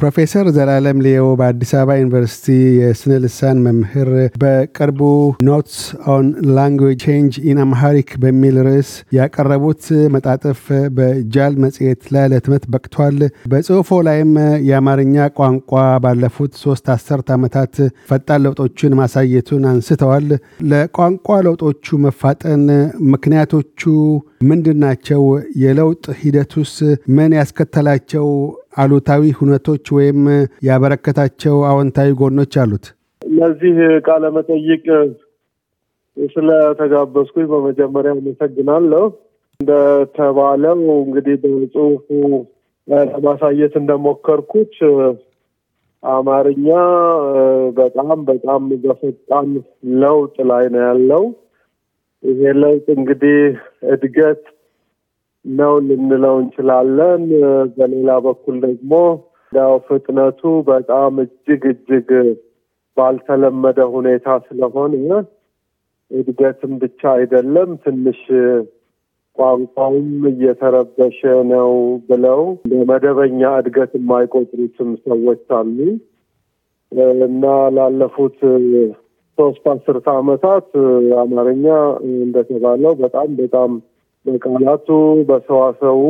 ፕሮፌሰር ዘላለም ሊዮ በአዲስ አበባ ዩኒቨርሲቲ የስነ ልሳን መምህር በቅርቡ ኖትስ ኦን ላንጉጅ ቼንጅ ኢን አምሃሪክ በሚል ርዕስ ያቀረቡት መጣጥፍ በጃል መጽሔት ላይ ለትምህርት በቅቷል። በጽሁፎ ላይም የአማርኛ ቋንቋ ባለፉት ሶስት አስርት ዓመታት ፈጣን ለውጦችን ማሳየቱን አንስተዋል። ለቋንቋ ለውጦቹ መፋጠን ምክንያቶቹ ምንድን ናቸው? የለውጥ ሂደቱስ ምን ያስከተላቸው አሉታዊ ሁነቶች ወይም ያበረከታቸው አዎንታዊ ጎኖች አሉት? ለዚህ ቃለ መጠይቅ ስለተጋበዝኩኝ በመጀመሪያ አመሰግናለሁ። እንደተባለው እንግዲህ በጽሁፉ ለማሳየት እንደሞከርኩት አማርኛ በጣም በጣም በፈጣን ለውጥ ላይ ነው ያለው። ይሄ ለውጥ እንግዲህ እድገት ነው ልንለው እንችላለን። በሌላ በኩል ደግሞ ያው ፍጥነቱ በጣም እጅግ እጅግ ባልተለመደ ሁኔታ ስለሆነ እድገትም ብቻ አይደለም ትንሽ ቋንቋውም እየተረበሸ ነው ብለው በመደበኛ እድገት የማይቆጥሩትም ሰዎች አሉ እና ላለፉት ሶስት አስርተ ዓመታት አማርኛ እንደተባለው በጣም በጣም በቃላቱ በሰዋሰቡ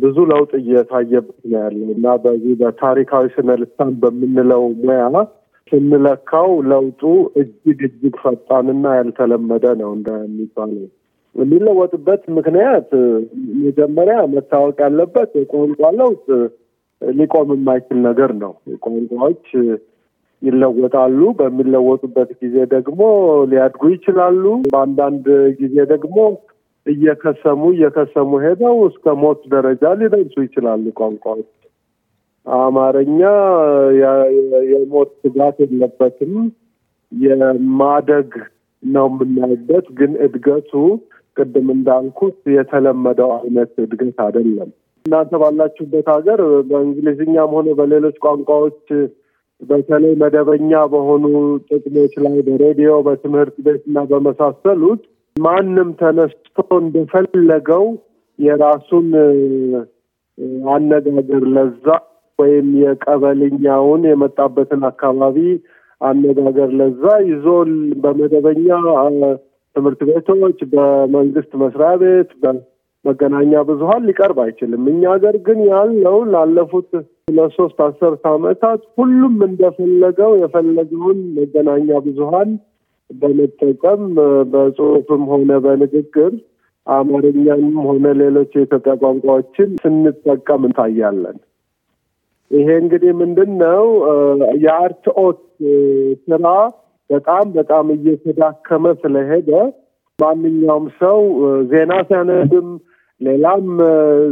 ብዙ ለውጥ እየታየበት ነው ያለ እና በዚህ በታሪካዊ ስነልሳን በምንለው ሙያ ስንለካው ለውጡ እጅግ እጅግ ፈጣንና ያልተለመደ ነው እንደሚባለው። የሚለወጥበት ምክንያት መጀመሪያ መታወቅ ያለበት የቋንቋ ለውጥ ሊቆም የማይችል ነገር ነው። ቋንቋዎች ይለወጣሉ። በሚለወጡበት ጊዜ ደግሞ ሊያድጉ ይችላሉ። በአንዳንድ ጊዜ ደግሞ እየከሰሙ እየከሰሙ ሄደው እስከ ሞት ደረጃ ሊደርሱ ይችላሉ። ቋንቋዎች አማርኛ የሞት ስጋት የለበትም። የማደግ ነው የምናይበት። ግን እድገቱ ቅድም እንዳልኩት የተለመደው አይነት እድገት አይደለም። እናንተ ባላችሁበት ሀገር በእንግሊዝኛም ሆነ በሌሎች ቋንቋዎች በተለይ መደበኛ በሆኑ ጥቅሞች ላይ በሬዲዮ፣ በትምህርት ቤት እና በመሳሰሉት ማንም ተነስቶ እንደፈለገው የራሱን አነጋገር ለዛ ወይም የቀበልኛውን የመጣበትን አካባቢ አነጋገር ለዛ ይዞ በመደበኛ ትምህርት ቤቶች፣ በመንግስት መስሪያ ቤት፣ በመገናኛ ብዙኃን ሊቀርብ አይችልም። እኛ ሀገር ግን ያለው ላለፉት ለሶስት አስርት ዓመታት ሁሉም እንደፈለገው የፈለገውን መገናኛ ብዙኃን በመጠቀም በጽሁፍም ሆነ በንግግር አማርኛም ሆነ ሌሎች የኢትዮጵያ ቋንቋዎችን ስንጠቀም እንታያለን። ይሄ እንግዲህ ምንድን ነው የአርትኦት ስራ በጣም በጣም እየተዳከመ ስለሄደ ማንኛውም ሰው ዜና ሲያነብም ሌላም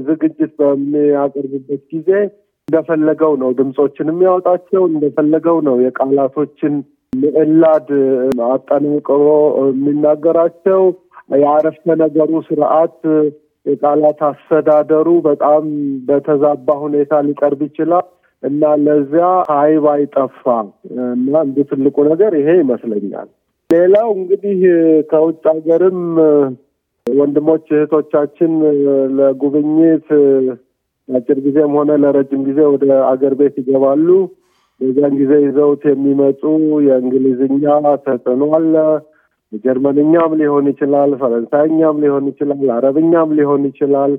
ዝግጅት በሚያቀርብበት ጊዜ እንደፈለገው ነው ድምፆችን የሚያወጣቸው፣ እንደፈለገው ነው የቃላቶችን ምዕላድ አጠናቅሮ የሚናገራቸው የአረፍተ ነገሩ ስርዓት የቃላት አስተዳደሩ በጣም በተዛባ ሁኔታ ሊቀርብ ይችላል እና ለዚያ ሀይብ አይጠፋ እና እንዲ ትልቁ ነገር ይሄ ይመስለኛል። ሌላው እንግዲህ ከውጭ ሀገርም ወንድሞች እህቶቻችን ለጉብኝት አጭር ጊዜም ሆነ ለረጅም ጊዜ ወደ አገር ቤት ይገባሉ። በዚያን ጊዜ ይዘውት የሚመጡ የእንግሊዝኛ ተጽዕኖ አለ። የጀርመንኛም ሊሆን ይችላል፣ ፈረንሳይኛም ሊሆን ይችላል፣ አረብኛም ሊሆን ይችላል።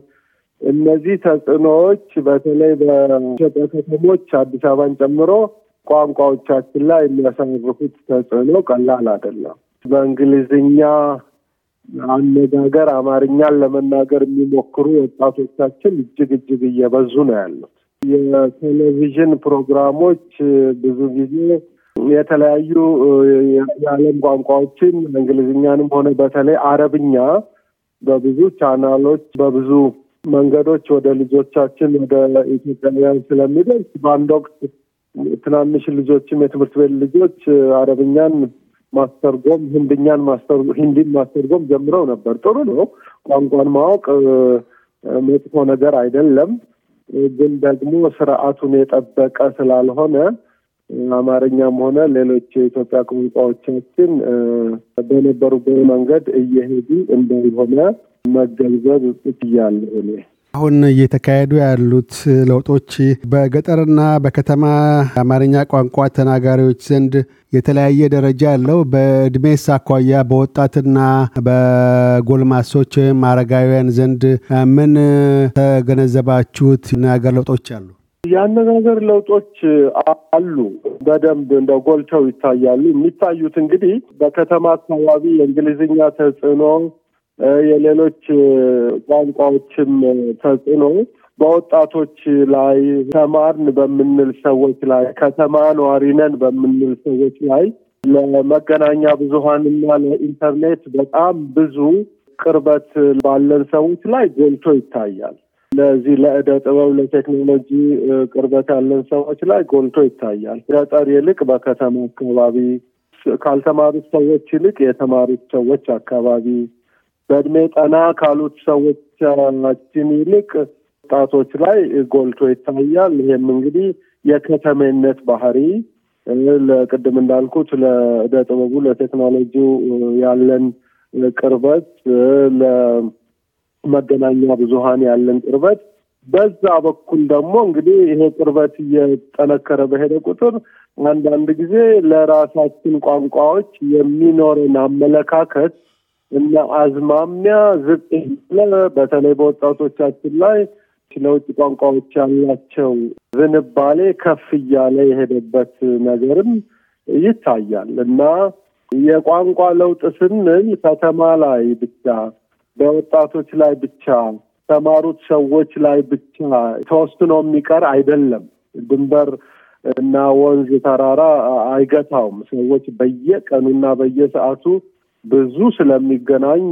እነዚህ ተጽዕኖዎች በተለይ በኢትዮጵያ ከተሞች አዲስ አበባን ጨምሮ ቋንቋዎቻችን ላይ የሚያሳርፉት ተጽዕኖ ቀላል አይደለም። በእንግሊዝኛ አነጋገር አማርኛን ለመናገር የሚሞክሩ ወጣቶቻችን እጅግ እጅግ እየበዙ ነው ያሉት። የቴሌቪዥን ፕሮግራሞች ብዙ ጊዜ የተለያዩ የዓለም ቋንቋዎችን እንግሊዝኛንም ሆነ በተለይ አረብኛ በብዙ ቻናሎች በብዙ መንገዶች ወደ ልጆቻችን ወደ ኢትዮጵያውያን ስለሚደርስ በአንድ ወቅት ትናንሽ ልጆችም የትምህርት ቤት ልጆች አረብኛን ማስተርጎም ህንድኛን ሂንዲን ማስተርጎም ጀምረው ነበር። ጥሩ ነው። ቋንቋን ማወቅ መጥፎ ነገር አይደለም። ግን ደግሞ ስርዓቱን የጠበቀ ስላልሆነ አማርኛም ሆነ ሌሎች የኢትዮጵያ ቋንቋዎቻችን በነበሩበት መንገድ እየሄዱ እንደሆነ መገንዘብ እችላለሁ እኔ። አሁን እየተካሄዱ ያሉት ለውጦች በገጠርና በከተማ አማርኛ ቋንቋ ተናጋሪዎች ዘንድ የተለያየ ደረጃ ያለው በእድሜስ አኳያ በወጣትና በጎልማሶች ወይም አረጋውያን ዘንድ ምን ተገነዘባችሁት? ነገር ለውጦች አሉ። የአነጋገር ለውጦች አሉ፣ በደንብ እንደ ጎልተው ይታያሉ። የሚታዩት እንግዲህ በከተማ አካባቢ የእንግሊዝኛ ተጽዕኖ የሌሎች ቋንቋዎችም ተጽዕኖ በወጣቶች ላይ ተማርን በምንል ሰዎች ላይ ከተማ ነዋሪ ነን በምንል ሰዎች ላይ ለመገናኛ ብዙሀንና ለኢንተርኔት በጣም ብዙ ቅርበት ባለን ሰዎች ላይ ጎልቶ ይታያል። ለዚህ ለእደ ጥበብ ለቴክኖሎጂ ቅርበት ያለን ሰዎች ላይ ጎልቶ ይታያል። ገጠር ይልቅ በከተማ አካባቢ ካልተማሩት ሰዎች ይልቅ የተማሩት ሰዎች አካባቢ በእድሜ ጠና ካሉት ሰዎቻችን ይልቅ ወጣቶች ላይ ጎልቶ ይታያል። ይህም እንግዲህ የከተሜነት ባህሪ ለቅድም እንዳልኩት ለእደ ጥበቡ ለቴክኖሎጂው ያለን ቅርበት፣ ለመገናኛ ብዙሃን ያለን ቅርበት በዛ በኩል ደግሞ እንግዲህ ይሄ ቅርበት እየጠነከረ በሄደ ቁጥር አንዳንድ ጊዜ ለራሳችን ቋንቋዎች የሚኖረን አመለካከት እና አዝማሚያ ዝቅ ያለ በተለይ በወጣቶቻችን ላይ ለውጭ ቋንቋዎች ያላቸው ዝንባሌ ከፍ እያለ የሄደበት ነገርም ይታያል እና የቋንቋ ለውጥ ስንል ከተማ ላይ ብቻ በወጣቶች ላይ ብቻ ተማሩት ሰዎች ላይ ብቻ ተወስኖ የሚቀር አይደለም። ድንበር እና ወንዝ ተራራ አይገታውም። ሰዎች በየቀኑና በየሰዓቱ ብዙ ስለሚገናኙ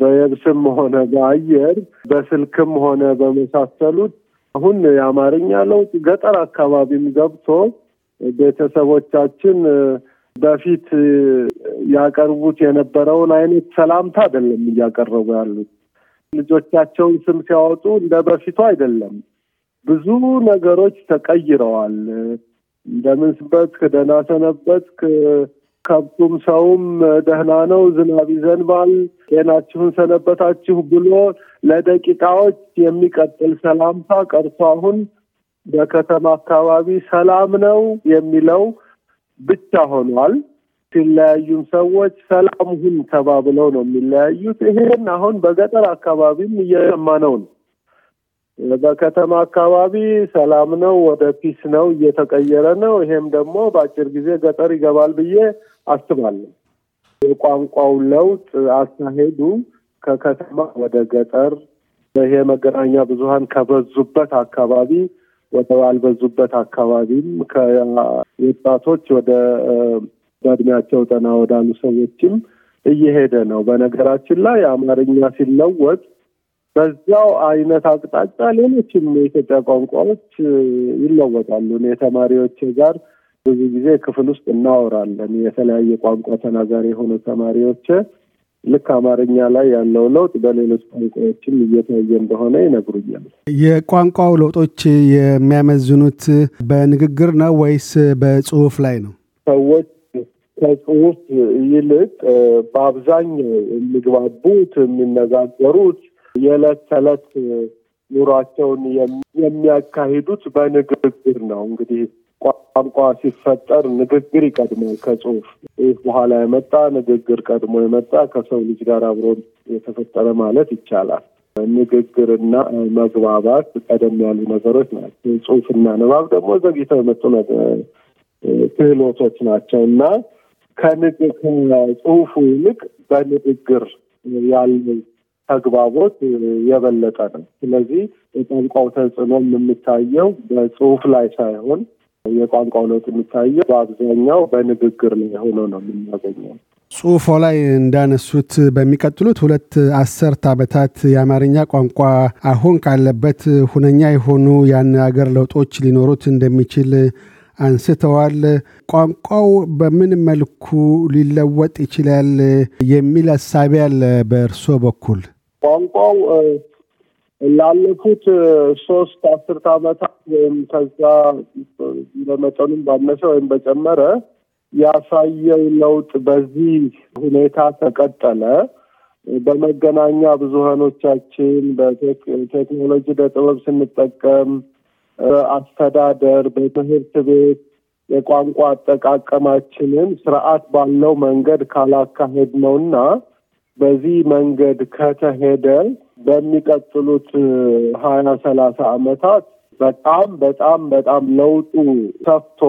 በየብስም ሆነ በአየር በስልክም ሆነ በመሳሰሉት አሁን የአማርኛ ለውጥ ገጠር አካባቢም ገብቶ ቤተሰቦቻችን በፊት ያቀርቡት የነበረውን አይነት ሰላምታ አይደለም እያቀረቡ ያሉት። ልጆቻቸውን ስም ሲያወጡ እንደ በፊቱ አይደለም። ብዙ ነገሮች ተቀይረዋል። እንደምን ሰነበትክ፣ ደህና ሰነበትክ ከብቱም ሰውም ደህና ነው፣ ዝናብ ይዘንባል፣ ጤናችሁን ሰነበታችሁ ብሎ ለደቂቃዎች የሚቀጥል ሰላምታ ቀርቶ አሁን በከተማ አካባቢ ሰላም ነው የሚለው ብቻ ሆኗል። ሲለያዩም ሰዎች ሰላም ሁን ተባብለው ነው የሚለያዩት። ይሄን አሁን በገጠር አካባቢም ነው ነው። በከተማ አካባቢ ሰላም ነው፣ ወደ ፒስ ነው እየተቀየረ ነው። ይሄም ደግሞ በአጭር ጊዜ ገጠር ይገባል ብዬ አስባለሁ። የቋንቋው ለውጥ አካሄዱ ከከተማ ወደ ገጠር ይሄ መገናኛ ብዙኃን ከበዙበት አካባቢ ወደ ባልበዙበት አካባቢም ከወጣቶች ወደ በእድሜያቸው ጠና ወዳሉ ሰዎችም እየሄደ ነው። በነገራችን ላይ አማርኛ ሲለወጥ በዚያው አይነት አቅጣጫ ሌሎችም የኢትዮጵያ ቋንቋዎች ይለወጣሉ። የተማሪዎች ጋር ብዙ ጊዜ ክፍል ውስጥ እናወራለን። የተለያየ ቋንቋ ተናጋሪ የሆኑ ተማሪዎች ልክ አማርኛ ላይ ያለው ለውጥ በሌሎች ቋንቋዎችም እየታየ እንደሆነ ይነግሩኛል። የቋንቋው ለውጦች የሚያመዝኑት በንግግር ነው ወይስ በጽሁፍ ላይ ነው? ሰዎች ከጽሁፍ ይልቅ በአብዛኛው የሚግባቡት የሚነጋገሩት የዕለት ተዕለት ኑሯቸውን የሚያካሂዱት በንግግር ነው። እንግዲህ ቋንቋ ሲፈጠር ንግግር ይቀድማል ከጽሁፍ። ይህ በኋላ የመጣ ንግግር ቀድሞ የመጣ ከሰው ልጅ ጋር አብሮ የተፈጠረ ማለት ይቻላል። ንግግርና መግባባት ቀደም ያሉ ነገሮች ናቸው። ጽሁፍና ንባብ ደግሞ ዘግይተው የመጡ ክህሎቶች ናቸው እና ጽሁፉ ይልቅ በንግግር ያለው ተግባቦት የበለጠ ነው። ስለዚህ የቋንቋው ተጽዕኖ የሚታየው በጽሁፍ ላይ ሳይሆን የቋንቋው ለውጥ የሚታየው በአብዛኛው በንግግር ላይ ሆኖ ነው የምናገኘው። ጽሁፎ ላይ እንዳነሱት በሚቀጥሉት ሁለት አስርት ዓመታት የአማርኛ ቋንቋ አሁን ካለበት ሁነኛ የሆኑ የአነጋገር ለውጦች ሊኖሩት እንደሚችል አንስተዋል። ቋንቋው በምን መልኩ ሊለወጥ ይችላል የሚል ሀሳቢ አለ በእርሶ በኩል? ቋንቋው ላለፉት ሶስት አስርት ዓመታት ወይም ከዛ በመጠኑም ባነሰ ወይም በጨመረ ያሳየው ለውጥ በዚህ ሁኔታ ተቀጠለ። በመገናኛ ብዙሃኖቻችን በቴክኖሎጂ በጥበብ ስንጠቀም፣ አስተዳደር፣ በትምህርት ቤት የቋንቋ አጠቃቀማችንን ስርዓት ባለው መንገድ ካላካሄድ እና በዚህ መንገድ ከተሄደ በሚቀጥሉት ሀያ ሰላሳ አመታት በጣም በጣም በጣም ለውጡ ሰፍቶ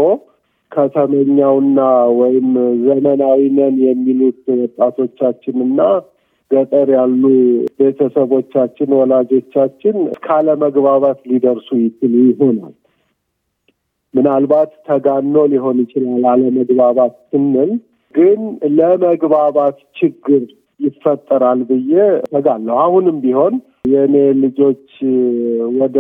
ከተመኛውና ወይም ዘመናዊ ነን የሚሉት ወጣቶቻችንና ገጠር ያሉ ቤተሰቦቻችን፣ ወላጆቻችን ካለመግባባት ሊደርሱ ይችሉ ይሆናል። ምናልባት ተጋኖ ሊሆን ይችላል አለመግባባት ስንል ግን ለመግባባት ችግር ይፈጠራል ብዬ እሰጋለሁ። አሁንም ቢሆን የእኔ ልጆች ወደ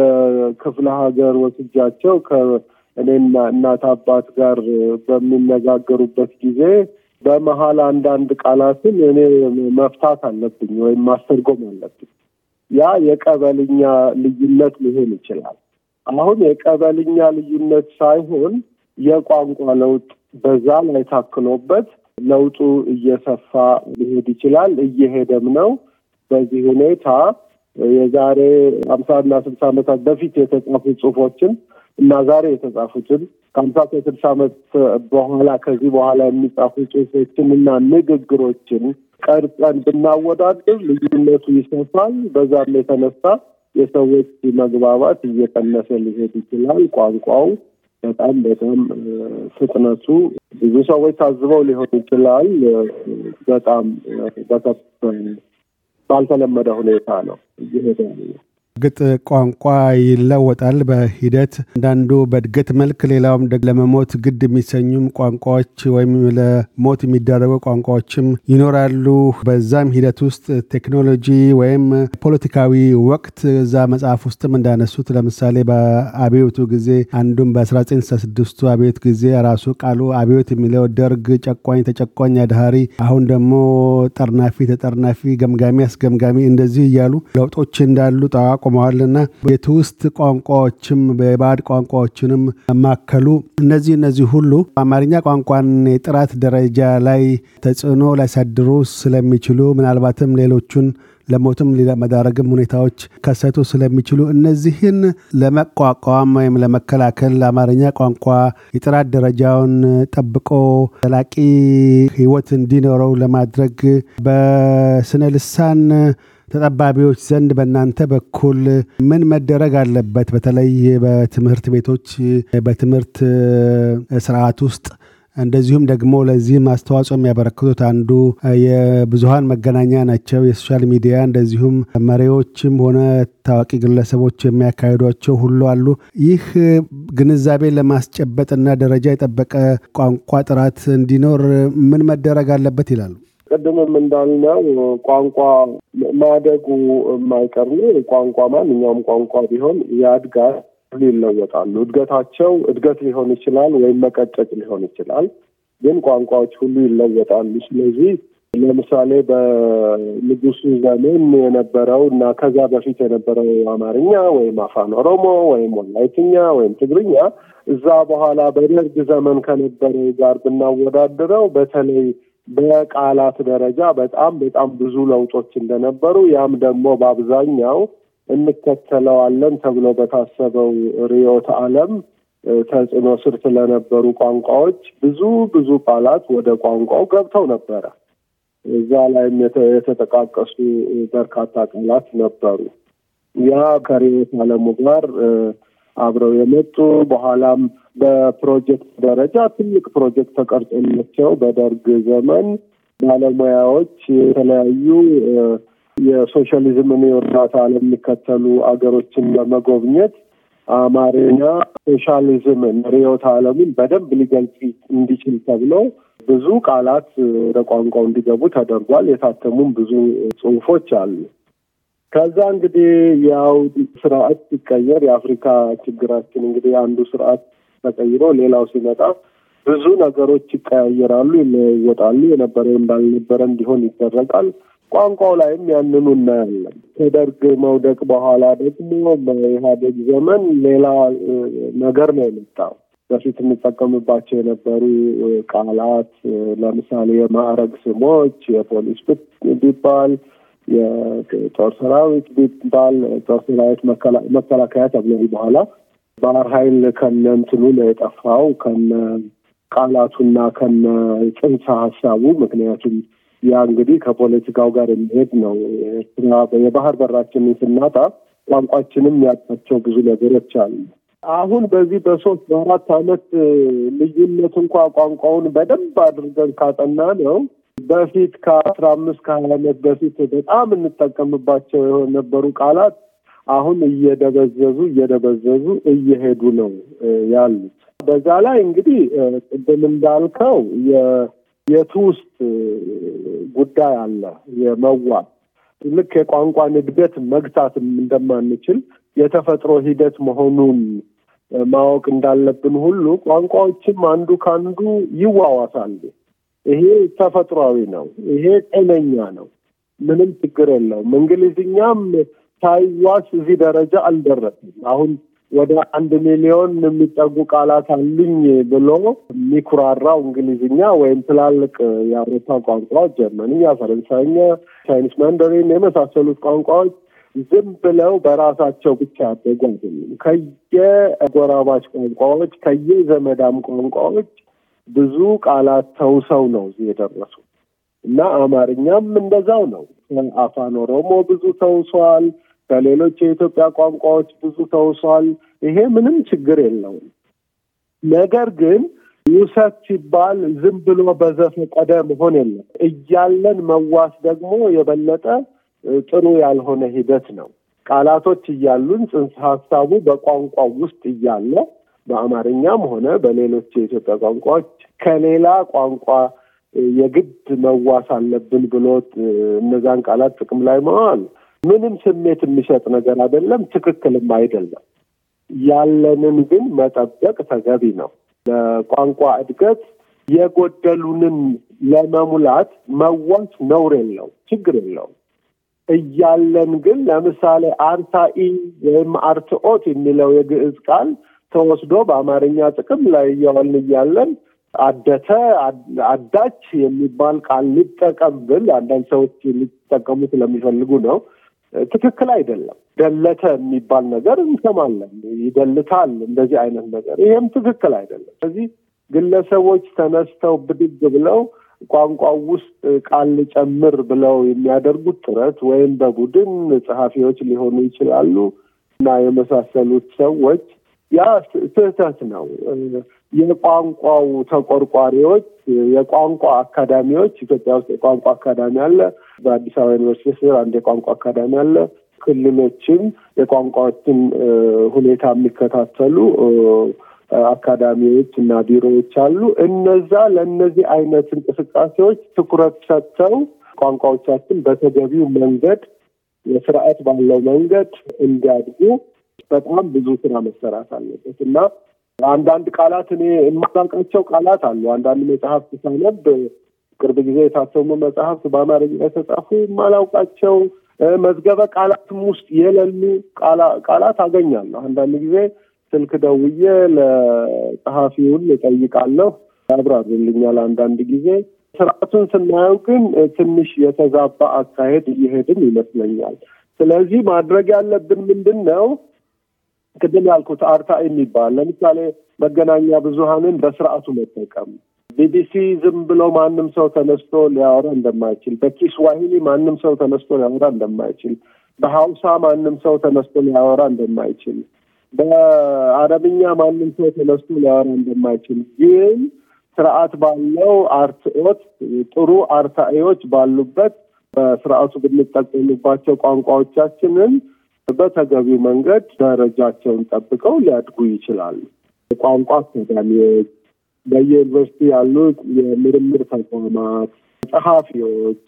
ክፍለ ሀገር ወስጃቸው ከእኔና እናት አባት ጋር በሚነጋገሩበት ጊዜ በመሀል አንዳንድ ቃላትን እኔ መፍታት አለብኝ ወይም ማስተርጎም አለብኝ። ያ የቀበልኛ ልዩነት ሊሆን ይችላል። አሁን የቀበልኛ ልዩነት ሳይሆን የቋንቋ ለውጥ በዛ ላይ ታክሎበት ለውጡ እየሰፋ ሊሄድ ይችላል፣ እየሄደም ነው። በዚህ ሁኔታ የዛሬ ሀምሳ እና ስልሳ ዓመታት በፊት የተጻፉ ጽሁፎችን እና ዛሬ የተጻፉትን ከሀምሳ ከስልሳ ዓመት በኋላ ከዚህ በኋላ የሚጻፉ ጽሁፎችን እና ንግግሮችን ቀርጸን ብናወዳድር ልዩነቱ ይሰፋል። በዛም የተነሳ የሰዎች መግባባት እየቀነሰ ሊሄድ ይችላል። ቋንቋው በጣም በጣም ፍጥነቱ ብዙ ሰዎች ታዝበው ሊሆን ይችላል። በጣም በከፍ ባልተለመደ ሁኔታ ነው እየሄደ እርግጥ ቋንቋ ይለወጣል በሂደት አንዳንዱ በእድገት መልክ፣ ሌላውም ለመሞት ግድ የሚሰኙም ቋንቋዎች ወይም ለሞት የሚደረጉ ቋንቋዎችም ይኖራሉ። በዛም ሂደት ውስጥ ቴክኖሎጂ ወይም ፖለቲካዊ ወቅት እዛ መጽሐፍ ውስጥም እንዳነሱት ለምሳሌ በአብዮቱ ጊዜ አንዱም በ 1966 አብዮት ጊዜ ራሱ ቃሉ አብዮት የሚለው ደርግ ጨቋኝ ተጨቋኝ አድሃሪ፣ አሁን ደግሞ ጠርናፊ ተጠርናፊ፣ ገምጋሚ አስገምጋሚ እንደዚህ እያሉ ለውጦች እንዳሉ ጠዋቁ አቁመዋልና ቤት ውስጥ ቋንቋዎችም የባዕድ ቋንቋዎችንም ማከሉ እነዚህ እነዚህ ሁሉ አማርኛ ቋንቋን የጥራት ደረጃ ላይ ተጽዕኖ ሊያሳድሩ ስለሚችሉ ምናልባትም ሌሎቹን ለሞትም ለመዳረግም ሁኔታዎች ከሰቱ ስለሚችሉ እነዚህን ለመቋቋም ወይም ለመከላከል አማርኛ ቋንቋ የጥራት ደረጃውን ጠብቆ ዘላቂ ህይወት እንዲኖረው ለማድረግ በስነ ልሳን ተጠባቢዎች ዘንድ በእናንተ በኩል ምን መደረግ አለበት? በተለይ በትምህርት ቤቶች በትምህርት ስርዓት ውስጥ እንደዚሁም ደግሞ ለዚህም አስተዋጽኦ የሚያበረክቱት አንዱ የብዙሀን መገናኛ ናቸው። የሶሻል ሚዲያ እንደዚሁም መሪዎችም ሆነ ታዋቂ ግለሰቦች የሚያካሂዷቸው ሁሉ አሉ። ይህ ግንዛቤ ለማስጨበጥና ደረጃ የጠበቀ ቋንቋ ጥራት እንዲኖር ምን መደረግ አለበት ይላሉ? ቅድምም እንዳልነው ቋንቋ ማደጉ የማይቀር ነው። ቋንቋ ማንኛውም ቋንቋ ቢሆን ያድጋል፣ ይለወጣሉ። እድገታቸው እድገት ሊሆን ይችላል ወይም መቀጨጭ ሊሆን ይችላል። ግን ቋንቋዎች ሁሉ ይለወጣሉ። ስለዚህ ለምሳሌ በንጉሱ ዘመን የነበረው እና ከዛ በፊት የነበረው አማርኛ ወይም አፋን ኦሮሞ ወይም ወላይትኛ ወይም ትግርኛ እዛ በኋላ በደርግ ዘመን ከነበረው ጋር ብናወዳድረው በተለይ በቃላት ደረጃ በጣም በጣም ብዙ ለውጦች እንደነበሩ ያም ደግሞ በአብዛኛው እንከተለዋለን ተብሎ በታሰበው ርዕዮተ ዓለም ተጽዕኖ ስር ስለነበሩ ቋንቋዎች ብዙ ብዙ ቃላት ወደ ቋንቋው ገብተው ነበረ። እዛ ላይም የተጠቃቀሱ በርካታ ቃላት ነበሩ። ያ ከርዕዮተ ዓለሙ ጋር አብረው የመጡ በኋላም በፕሮጀክት ደረጃ ትልቅ ፕሮጀክት ተቀርጦላቸው በደርግ ዘመን ባለሙያዎች የተለያዩ የሶሻሊዝምን የወራታ ለሚከተሉ አገሮችን ለመጎብኘት አማርኛ ሶሻሊዝምን ርዕዮተ ዓለሙን በደንብ ሊገልጽ እንዲችል ተብለው ብዙ ቃላት ወደ ቋንቋው እንዲገቡ ተደርጓል። የታተሙም ብዙ ጽሁፎች አሉ። ከዛ እንግዲህ የአውድ ስርዓት ሲቀየር የአፍሪካ ችግራችን እንግዲህ አንዱ ስርዓት ተቀይሮ ሌላው ሲመጣ ብዙ ነገሮች ይቀያየራሉ፣ ይለወጣሉ። የነበረ እንዳልነበረ እንዲሆን ይደረጋል። ቋንቋው ላይም ያንኑ እናያለን። ከደርግ መውደቅ በኋላ ደግሞ በኢህአዴግ ዘመን ሌላ ነገር ነው የመጣው። በፊት የሚጠቀምባቸው የነበሩ ቃላት ለምሳሌ የማዕረግ ስሞች የፖሊስ ቢባል የጦር ሰራዊት ቢባል ጦር ሰራዊት መከላከያ ተብሎ በኋላ ባህር ኃይል ከነ እንትኑ ነው የጠፋው ከነ ቃላቱና ከነ ጽንሰ ሀሳቡ። ምክንያቱም ያ እንግዲህ ከፖለቲካው ጋር የሚሄድ ነው። ኤርትራ የባህር በራችንን ስናጣ ቋንቋችንም ያጣቸው ብዙ ነገሮች አሉ። አሁን በዚህ በሶስት በአራት ዓመት ልዩነት እንኳ ቋንቋውን በደንብ አድርገን ካጠና ነው በፊት ከአስራ አምስት ከሀያ ዓመት በፊት በጣም እንጠቀምባቸው የነበሩ ቃላት አሁን እየደበዘዙ እየደበዘዙ እየሄዱ ነው ያሉት። በዛ ላይ እንግዲህ ቅድም እንዳልከው የቱ ውስጥ ጉዳይ አለ የመዋል ልክ የቋንቋን እድገት መግታት እንደማንችል የተፈጥሮ ሂደት መሆኑን ማወቅ እንዳለብን ሁሉ ቋንቋዎችም አንዱ ከአንዱ ይዋዋሳሉ። ይሄ ተፈጥሯዊ ነው። ይሄ ጤነኛ ነው። ምንም ችግር የለውም። እንግሊዝኛም ሳይዋሽ እዚህ ደረጃ አልደረስም። አሁን ወደ አንድ ሚሊዮን የሚጠጉ ቃላት አሉኝ ብሎ የሚኩራራው እንግሊዝኛ ወይም ትላልቅ የአውሮፓ ቋንቋዎች ጀርመንኛ፣ ፈረንሳይኛ፣ ቻይኒስ መንደሪን የመሳሰሉት ቋንቋዎች ዝም ብለው በራሳቸው ብቻ ያደጉ አይደለም። ከየጎራባች ቋንቋዎች ከየዘመዳም ቋንቋዎች ብዙ ቃላት ተውሰው ነው እዚህ የደረሱ እና አማርኛም እንደዛው ነው። አፋን ኦሮሞ ብዙ ተውሷል። በሌሎች የኢትዮጵያ ቋንቋዎች ብዙ ተውሷል። ይሄ ምንም ችግር የለውም። ነገር ግን ውሰት ሲባል ዝም ብሎ በዘፈቀደ መሆን የለም። እያለን መዋስ ደግሞ የበለጠ ጥሩ ያልሆነ ሂደት ነው። ቃላቶች እያሉን ጽንሰ ሀሳቡ በቋንቋ ውስጥ እያለ በአማርኛም ሆነ በሌሎች የኢትዮጵያ ቋንቋዎች ከሌላ ቋንቋ የግድ መዋስ አለብን ብሎት እነዛን ቃላት ጥቅም ላይ መዋል ምንም ስሜት የሚሰጥ ነገር አይደለም፣ ትክክልም አይደለም። ያለንን ግን መጠበቅ ተገቢ ነው። ለቋንቋ እድገት የጎደሉንን ለመሙላት መዋስ ነውር የለው፣ ችግር የለው። እያለን ግን ለምሳሌ አርታኢ ወይም አርትኦት የሚለው የግዕዝ ቃል ተወስዶ በአማርኛ ጥቅም ላይ እየዋልን እያለን አደተ አዳች የሚባል ቃል ሊጠቀም ብል አንዳንድ ሰዎች ሊጠቀሙ ስለሚፈልጉ ነው። ትክክል አይደለም። ደለተ የሚባል ነገር እንሰማለን። ይደልታል እንደዚህ አይነት ነገር፣ ይሄም ትክክል አይደለም። ስለዚህ ግለሰቦች ተነስተው ብድግ ብለው ቋንቋው ውስጥ ቃል ጨምር ብለው የሚያደርጉት ጥረት ወይም በቡድን ጸሐፊዎች ሊሆኑ ይችላሉ እና የመሳሰሉት ሰዎች ያ ስህተት ነው። የቋንቋው ተቆርቋሪዎች የቋንቋ አካዳሚዎች ኢትዮጵያ ውስጥ የቋንቋ አካዳሚ አለ። በአዲስ አበባ ዩኒቨርሲቲ ስር አንድ የቋንቋ አካዳሚ አለ። ክልሎችም የቋንቋዎችን ሁኔታ የሚከታተሉ አካዳሚዎች እና ቢሮዎች አሉ። እነዛ ለእነዚህ አይነት እንቅስቃሴዎች ትኩረት ሰጥተው ቋንቋዎቻችን በተገቢው መንገድ የስርዓት ባለው መንገድ እንዲያድጉ በጣም ብዙ ስራ መሰራት አለበት እና አንዳንድ ቃላት እኔ የማላውቃቸው ቃላት አሉ። አንዳንድ መጽሐፍት ሳነብ ቅርብ ጊዜ የታተሙ መጽሐፍት በአማርኛ የተጻፉ የማላውቃቸው መዝገበ ቃላትም ውስጥ የሌሉ ቃላት አገኛለሁ። አንዳንድ ጊዜ ስልክ ደውዬ ለጸሐፊውን እጠይቃለሁ፣ ያብራሩልኛል። አንዳንድ ጊዜ ስርዓቱን ስናየው ግን ትንሽ የተዛባ አካሄድ እየሄድን ይመስለኛል። ስለዚህ ማድረግ ያለብን ምንድን ነው? ቅድም ያልኩት አርታ የሚባል ለምሳሌ መገናኛ ብዙሀንን በስርዓቱ መጠቀም ቢቢሲ ዝም ብሎ ማንም ሰው ተነስቶ ሊያወራ እንደማይችል፣ በኪስዋሂሊ ማንም ሰው ተነስቶ ሊያወራ እንደማይችል፣ በሀውሳ ማንም ሰው ተነስቶ ሊያወራ እንደማይችል፣ በአረብኛ ማንም ሰው ተነስቶ ሊያወራ እንደማይችል ግን ስርዓት ባለው አርትኦት ጥሩ አርታኤዎች ባሉበት በስርዓቱ ብንጠቀምባቸው ቋንቋዎቻችንን በተገቢው መንገድ ደረጃቸውን ጠብቀው ሊያድጉ ይችላሉ። ቋንቋ አስተዳሚዎች፣ በየዩኒቨርሲቲ ያሉት የምርምር ተቋማት፣ ጸሐፊዎች፣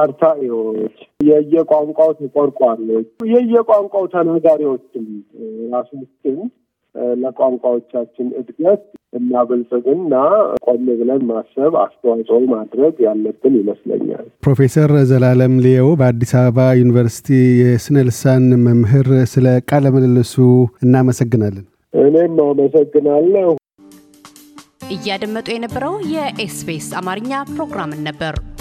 አርታኢዎች፣ የየቋንቋው ተቆርቋሪዎች፣ የየቋንቋው ተናጋሪዎችም ራሳችን ለቋንቋዎቻችን እድገት እና ቆም ብለን ማሰብ አስተዋጽኦ ማድረግ ያለብን ይመስለኛል። ፕሮፌሰር ዘላለም ሊየው በአዲስ አበባ ዩኒቨርሲቲ የስነ ልሳን መምህር፣ ስለ ቃለ ምልልሱ እናመሰግናለን። እኔም አመሰግናለሁ። እያደመጡ የነበረው የኤስፔስ አማርኛ ፕሮግራምን ነበር።